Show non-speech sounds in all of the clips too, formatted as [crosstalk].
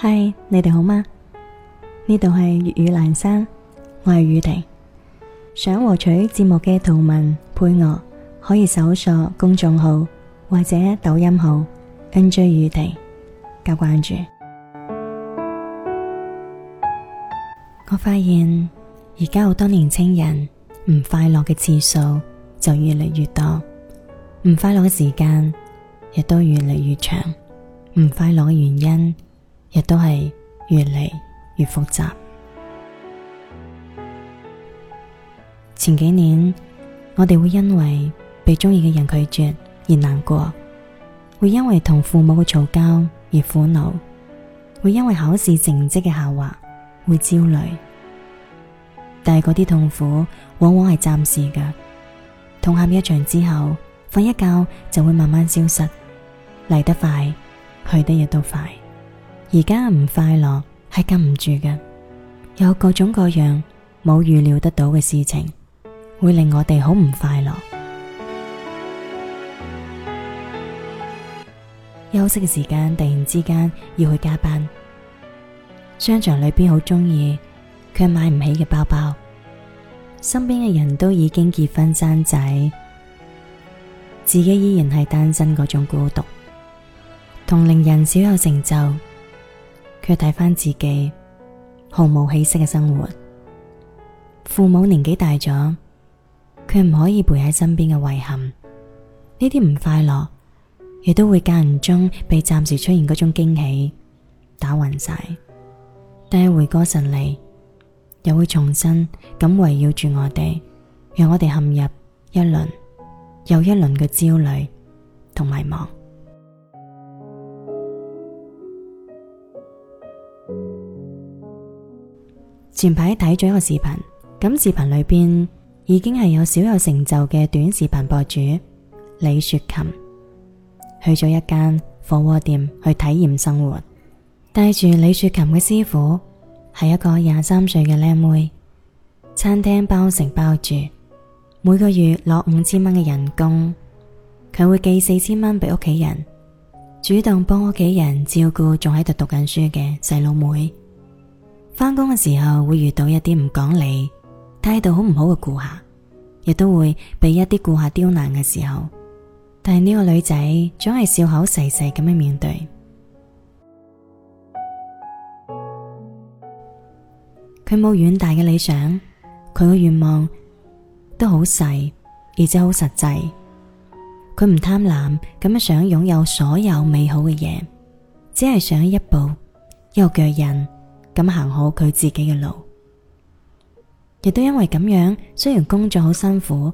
嗨，Hi, 你哋好嗎？呢度係粵語欄山，我係宇婷。想獲取節目嘅圖文配樂，可以搜索公眾號或者抖音號 NJ 宇婷加關注。我發現而家好多年輕人唔快樂嘅次數就越嚟越多，唔快樂嘅時間亦都越嚟越長，唔快樂嘅原因，亦都係越嚟越複雜。前幾年我哋會因為被中意嘅人拒絕而難過，會因為同父母嘅嘈交而苦惱，會因為考試成績嘅下滑會焦慮。但係嗰啲痛苦往往係暫時㗎，痛喊一場之後，瞓一覺就會慢慢消失。嚟得快，去得亦都快。而家唔快樂係禁唔住嘅，有各種各樣冇預料得到嘅事情，會令我哋好唔快樂。休息嘅時間突然之間要去加班，商場裏邊好鍾意卻買唔起嘅包包，身邊嘅人都已經結婚生仔，自己依然係單身嗰種孤獨，同齡人小有成就。卻睇翻自己毫無起色嘅生活，父母年紀大咗，佢唔可以陪喺身邊嘅遺憾，呢啲唔快樂，亦都會間唔中被暫時出現嗰種驚喜打暈晒，但係回過神嚟，又會重新咁圍繞住我哋，讓我哋陷入一輪又一輪嘅焦慮同迷茫。前排睇咗一個視頻，咁視頻裏邊已經係有小有成就嘅短視頻博主李雪琴，去咗一間火鍋店去體驗生活。帶住李雪琴嘅師傅係一個廿三歲嘅靚妹，餐廳包成包住，每個月攞五千蚊嘅人工，佢會寄四千蚊俾屋企人，主動幫屋企人照顧仲喺度讀緊書嘅細佬妹。返工嘅時候會遇到一啲唔講理、態度好唔好嘅顧客，亦都會俾一啲顧客刁難嘅時候，但係呢個女仔總係笑口細細咁樣面對。佢冇遠大嘅理想，佢嘅願望都好細，而且好實際。佢唔貪婪咁樣想擁有所有美好嘅嘢，只係想一步一個腳印。咁行好佢自己嘅路，亦都因為咁樣，雖然工作好辛苦，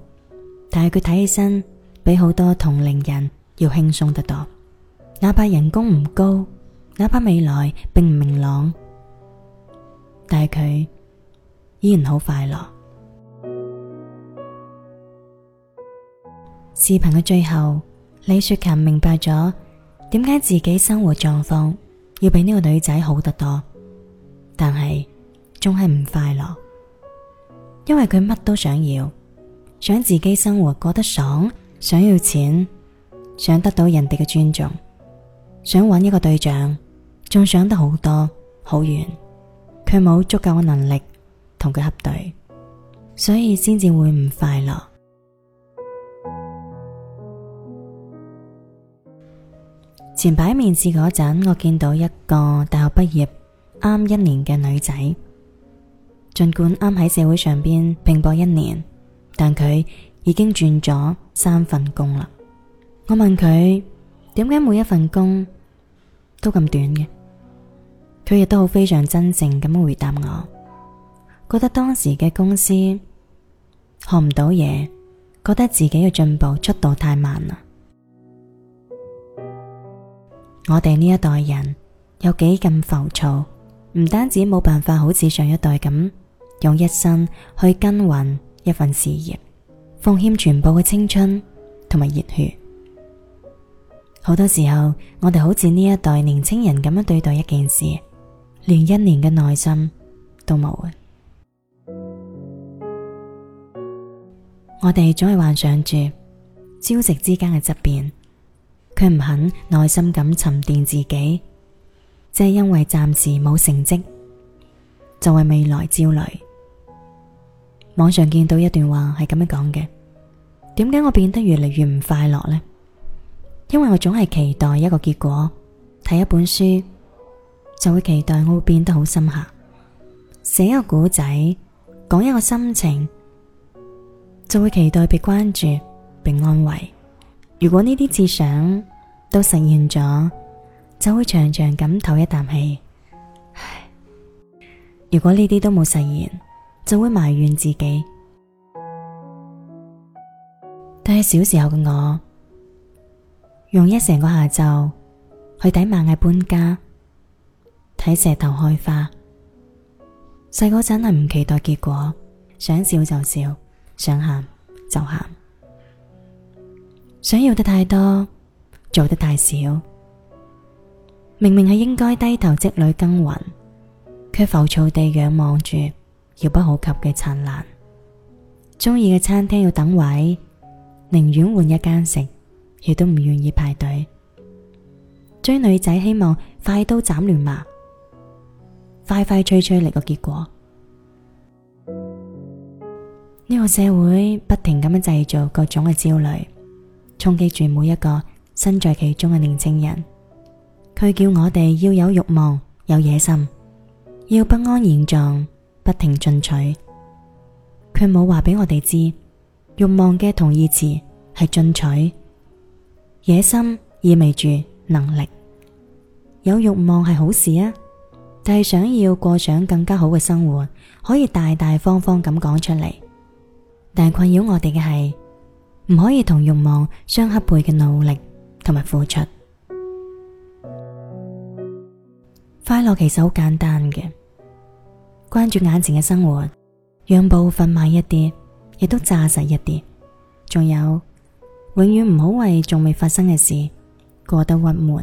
但係佢睇起身比好多同齡人要輕鬆得多。哪怕人工唔高，哪怕未來並唔明朗，但係佢依然好快樂。 [noise] 視頻嘅最後，李雪琴明白咗點解自己生活狀況要比呢個女仔好得多。但係仲係唔快樂，因為佢乜都想要，想自己生活過得爽，想要錢，想得到人哋嘅尊重，想揾一個對象，仲想得好多好遠，卻冇足夠嘅能力同佢合對，所以先至會唔快樂。前排面試嗰陣，我見到一個大學畢業。啱一年嘅女仔，儘管啱喺社會上邊拼搏一年，但佢已經轉咗三份工啦。我問佢點解每一份工都咁短嘅？佢亦都好非常真誠咁回答我，覺得當時嘅公司學唔到嘢，覺得自己嘅進步速度太慢啦。我哋呢一代人有幾咁浮躁。唔單止冇辦法，好似上一代咁用一生去耕耘一份事業，奉獻全部嘅青春同埋熱血。好多時候，我哋好似呢一代年輕人咁樣對待一件事，連一年嘅耐心都冇。 [music] 我哋總係幻想住朝夕之間嘅質變，佢唔肯耐心咁沉澱自己。即係因為暫時冇成績，就為未來焦慮。網上見到一段話係咁樣講嘅，點解我變得越嚟越唔快樂呢？因為我總係期待一個結果，睇一本書就會期待我會變得好深刻，寫一個故仔，講一個心情，就會期待被關注被安慰。如果呢啲設想都實現咗，就會長長咁唞一啖氣。唉，如果呢啲都冇實現，就會埋怨自己。但係小時候嘅我，用一成個下晝去睇螞蟻搬家，睇石頭開花。細個真係唔期待結果，想笑就笑，想喊就喊。想要得太多，做得太少。明明係應該低頭積累耕耘，却浮躁地仰望住遙不可及嘅燦爛。中意嘅餐廳要等位，寧願換一間食，亦都唔願意排隊。追女仔希望快刀斬亂麻，快快催催嚟個結果。呢個社會不停咁樣製造各種嘅焦慮，衝擊住每一個身在其中嘅年輕人。佢叫我哋要有欲望、有野心，要不安現狀，不停進取，佢冇話俾我哋知，欲望嘅同義詞係進取，野心意味住能力。有欲望係好事啊，但係想要過上更加好嘅生活，可以大大方方咁講出嚟。但係困擾我哋嘅係，唔可以同欲望相匹配嘅努力同埋付出。快樂其實好簡單嘅，關注眼前嘅生活，讓步伐慢一啲，亦都扎實一啲，仲有永遠唔好為仲未發生嘅事過得鬱悶。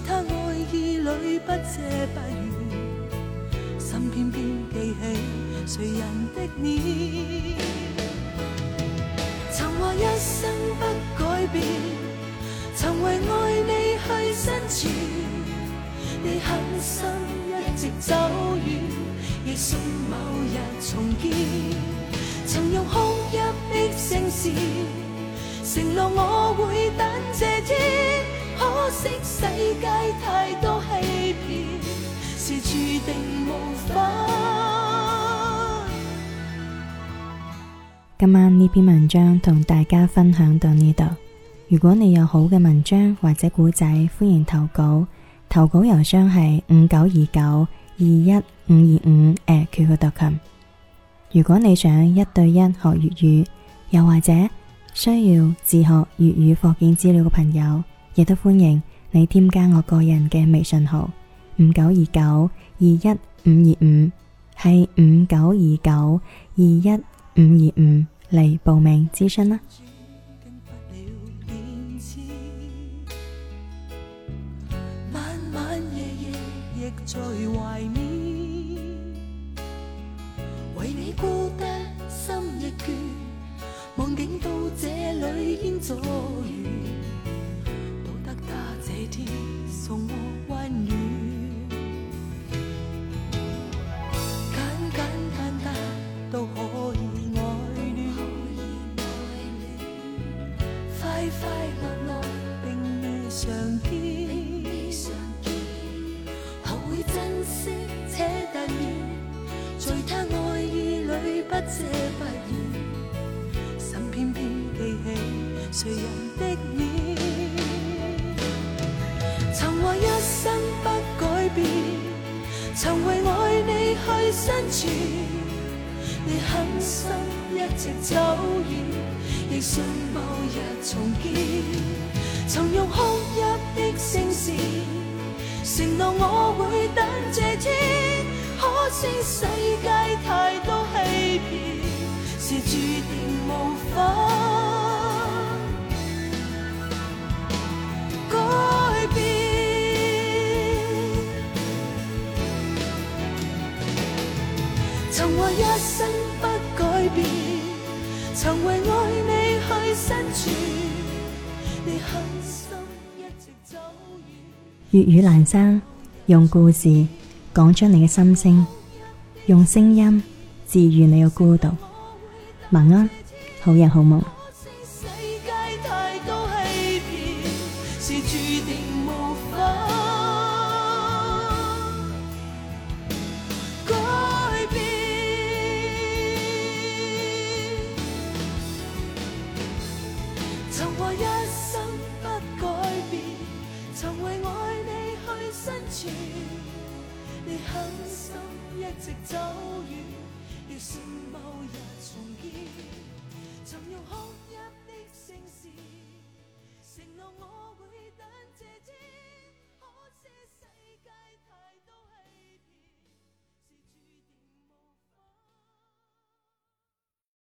其他愛意裏不捨不怨，心偏偏記起誰人的臉。曾話一生不改變，曾為愛你去生存。你狠心一直走遠，亦信某日重見。曾用哭泣的聲線承諾我會等這天。今晚呢篇文章同大家分享到呢度。如果你有好嘅文章或者古仔，歡迎投稿。投稿郵箱係五九二九二一五二五 atqq.com。如果你想一對一學粵語，又或者需要自學粵語課件資料嘅朋友，亦都歡迎你添加我個人嘅微信號五九二九二一五二五，係五九二九二一五二五嚟報名諮詢啦。 [music] [music] 你狠心一直走遠，亦信某日重見。曾用哭泣的聲線承諾我會等這天，可惜世界太多欺騙，是注定無法。曾為一生不改變，曾為愛你去生存，你狠心一直走遠，粵語男生用故事講出你嘅心聲，用聲音治愈你嘅孤獨。晚安，好人好夢。你狠心一直走遠，要是某日重見，曾用哭泣的聲線承諾我。